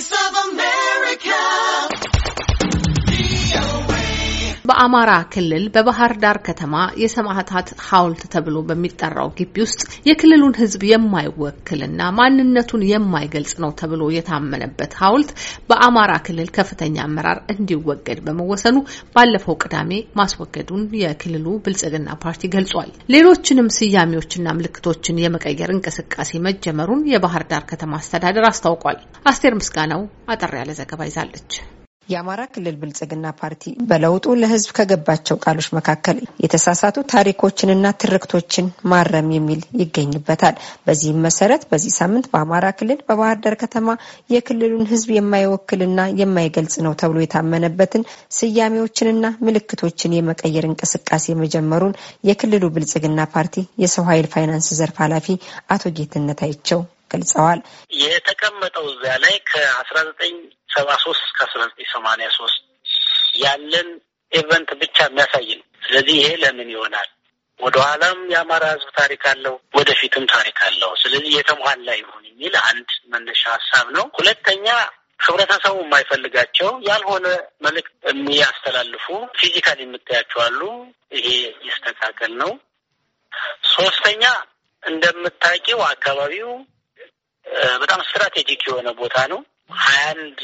voice of በአማራ ክልል በባህር ዳር ከተማ የሰማዕታት ሐውልት ተብሎ በሚጠራው ግቢ ውስጥ የክልሉን ሕዝብ የማይወክልና ማንነቱን የማይገልጽ ነው ተብሎ የታመነበት ሐውልት በአማራ ክልል ከፍተኛ አመራር እንዲወገድ በመወሰኑ ባለፈው ቅዳሜ ማስወገዱን የክልሉ ብልጽግና ፓርቲ ገልጿል። ሌሎችንም ስያሜዎችና ምልክቶችን የመቀየር እንቅስቃሴ መጀመሩን የባህር ዳር ከተማ አስተዳደር አስታውቋል። አስቴር ምስጋናው አጠር ያለ ዘገባ ይዛለች። የአማራ ክልል ብልጽግና ፓርቲ በለውጡ ለህዝብ ከገባቸው ቃሎች መካከል የተሳሳቱ ታሪኮችንና ትርክቶችን ማረም የሚል ይገኝበታል። በዚህም መሰረት በዚህ ሳምንት በአማራ ክልል በባህር ዳር ከተማ የክልሉን ህዝብ የማይወክልና የማይገልጽ ነው ተብሎ የታመነበትን ስያሜዎችንና ምልክቶችን የመቀየር እንቅስቃሴ መጀመሩን የክልሉ ብልጽግና ፓርቲ የሰው ኃይል ፋይናንስ ዘርፍ ኃላፊ አቶ ጌትነት አይቸው ገልጸዋል። የተቀመጠው እዚያ ላይ ከአስራ ዘጠኝ ሰባ ሶስት እስከ አስራ ዘጠኝ ሰማንያ ሶስት ያለን ኢቨንት ብቻ የሚያሳይ ነው። ስለዚህ ይሄ ለምን ይሆናል? ወደኋላም የአማራ ህዝብ ታሪክ አለው፣ ወደፊትም ታሪክ አለው። ስለዚህ የተሟላ ይሁን የሚል አንድ መነሻ ሀሳብ ነው። ሁለተኛ ህብረተሰቡ የማይፈልጋቸው ያልሆነ መልእክት የሚያስተላልፉ ፊዚካል የምታያቸው አሉ። ይሄ ይስተካከል ነው። ሶስተኛ እንደምታውቂው አካባቢው በጣም ስትራቴጂክ የሆነ ቦታ ነው። ሀያ አንድ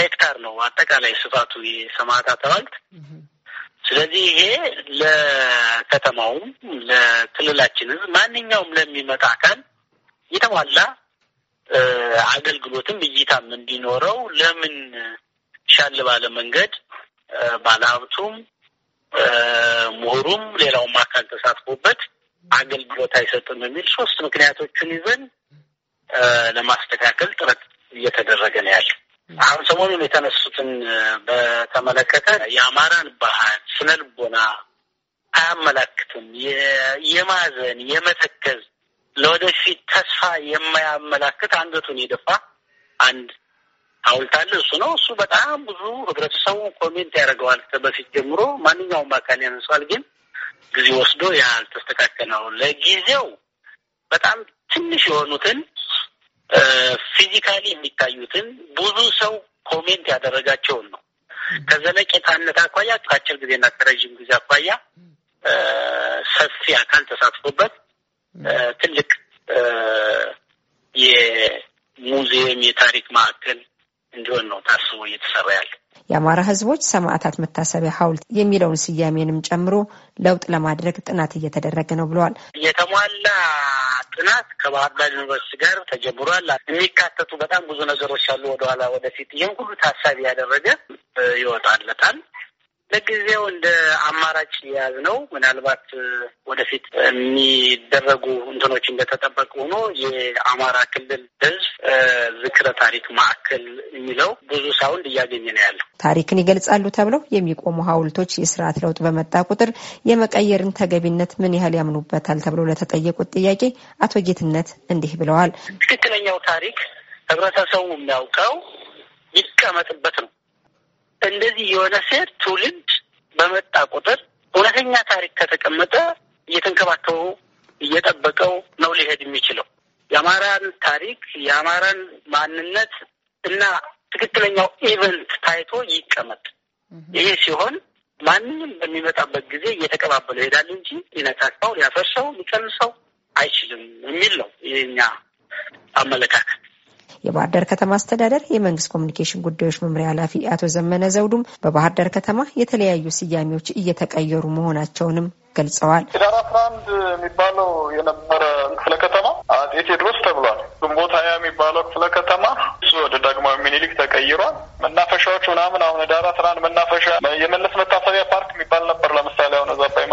ሄክታር ነው አጠቃላይ ስፋቱ የሰማዕታት ሐውልት። ስለዚህ ይሄ ለከተማውም ለክልላችን ሕዝብ ማንኛውም ለሚመጣ አካል የተሟላ አገልግሎትም እይታም እንዲኖረው ለምን ሻል ባለ መንገድ ባለሀብቱም ምሁሩም ሌላውም አካል ተሳትፎበት አገልግሎት አይሰጥም የሚል ሶስት ምክንያቶችን ይዘን ለማስተካከል ጥረት እየተደረገ ነው ያለ። አሁን ሰሞኑን የተነሱትን በተመለከተ የአማራን ባህል ስነ ልቦና አያመላክትም። የማዘን የመተከዝ ለወደፊት ተስፋ የማያመላክት አንገቱን የደፋ አንድ ሐውልት አለ። እሱ ነው እሱ በጣም ብዙ ህብረተሰቡ ኮሜንት ያደርገዋል። በፊት ጀምሮ ማንኛውም አካል ያነሷል። ግን ጊዜ ወስዶ ያልተስተካከለው ለጊዜው በጣም ትንሽ የሆኑትን ፊዚካሊ የሚታዩትን ብዙ ሰው ኮሜንት ያደረጋቸውን ነው። ከዘለቄታነት አኳያ ከአጭር ጊዜና ከረዥም ጊዜ አኳያ ሰፊ አካል ተሳትፎበት ትልቅ የሙዚየም የታሪክ ማዕከል እንዲሆን ነው ታስቦ እየተሰራ ያለ። የአማራ ሕዝቦች ሰማዕታት መታሰቢያ ሐውልት የሚለውን ስያሜንም ጨምሮ ለውጥ ለማድረግ ጥናት እየተደረገ ነው ብለዋል። የተሟላ ጥናት ከባህር ዳር ዩኒቨርሲቲ ጋር ተጀምሯል። የሚካተቱ በጣም ብዙ ነገሮች አሉ። ወደኋላ ወደፊት ይህን ሁሉ ታሳቢ ያደረገ ይወጣለታል። ለጊዜው እንደ አማራጭ የያዝ ነው። ምናልባት ወደፊት የሚደረጉ እንትኖች እንደተጠበቁ ሆኖ የአማራ ክልል ሕዝብ ዝክረ ታሪክ ማዕከል የሚለው ብዙ ሳውንድ እያገኘ ነው ያለው። ታሪክን ይገልጻሉ ተብለው የሚቆሙ ሐውልቶች የስርዓት ለውጥ በመጣ ቁጥር የመቀየርን ተገቢነት ምን ያህል ያምኑበታል ተብለው ለተጠየቁት ጥያቄ አቶ ጌትነት እንዲህ ብለዋል። ትክክለኛው ታሪክ ህብረተሰቡ የሚያውቀው ይቀመጥበት ነው እንደዚህ የሆነ ሴት ትውልድ በመጣ ቁጥር እውነተኛ ታሪክ ከተቀመጠ እየተንከባከቡ እየጠበቀው ነው ሊሄድ የሚችለው። የአማራን ታሪክ የአማራን ማንነት እና ትክክለኛው ኢቨንት ታይቶ ይቀመጥ። ይሄ ሲሆን ማንም በሚመጣበት ጊዜ እየተቀባበለው ይሄዳል እንጂ ሊነካካው፣ ሊያፈርሰው፣ ሊቀንሰው አይችልም የሚል ነው የኛ አመለካከት። የባህር ዳር ከተማ አስተዳደር የመንግስት ኮሚኒኬሽን ጉዳዮች መምሪያ ኃላፊ አቶ ዘመነ ዘውዱም በባህር ዳር ከተማ የተለያዩ ስያሜዎች እየተቀየሩ መሆናቸውንም ገልጸዋል። ህዳር አስራ አንድ የሚባለው የነበረ ክፍለ ከተማ አጤ ቴዎድሮስ ተብሏል። ግንቦት ሀያ የሚባለው ክፍለ ከተማ እሱ ወደ ዳግማዊ ሚኒሊክ ተቀይሯል። መናፈሻዎች ምናምን አሁን ህዳር አስራ አንድ መናፈሻ የመለስ መታሰቢያ ፓርክ የሚባል ነበር። ለምሳሌ አሁን ዛባይ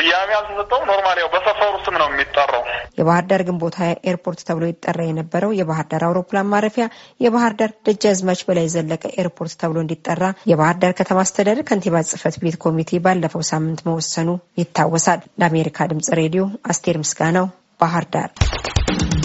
ስያሜ አልተሰጠውም። ኖርማል ያው በሰፈሩ ስም ነው የሚጠራው። የባህር ዳር ግንቦት ሀያ ኤርፖርት ተብሎ ይጠራ የነበረው የባህር ዳር አውሮፕላን ማረፊያ የባህር ዳር ደጃዝማች በላይ ዘለቀ ኤርፖርት ተብሎ እንዲጠራ የባህር ዳር ከተማ አስተዳደር ከንቲባ ጽፈት ቤት ኮሚቴ ባለፈው ሳምንት መወሰኑ ይታወሳል። ለአሜሪካ ድምጽ ሬዲዮ አስቴር ምስጋናው ባህር ዳር